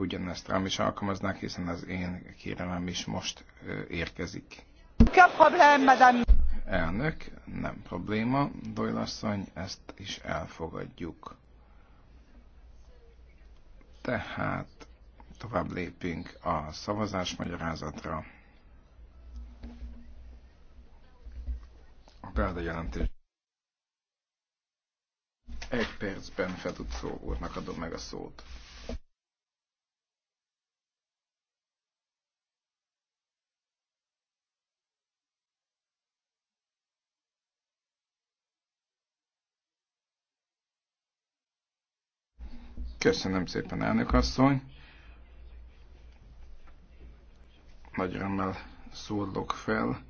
ugyanezt rám is alkalmaznák, hiszen az én kérelem is most érkezik. Elnök, nem probléma, Dojlasszony, ezt is elfogadjuk. Tehát tovább lépünk a szavazás magyarázatra. A jelentés. Egy percben Fedutszó úrnak adom meg a szót. Köszönöm szépen, elnök asszony. Nagy örömmel szólok fel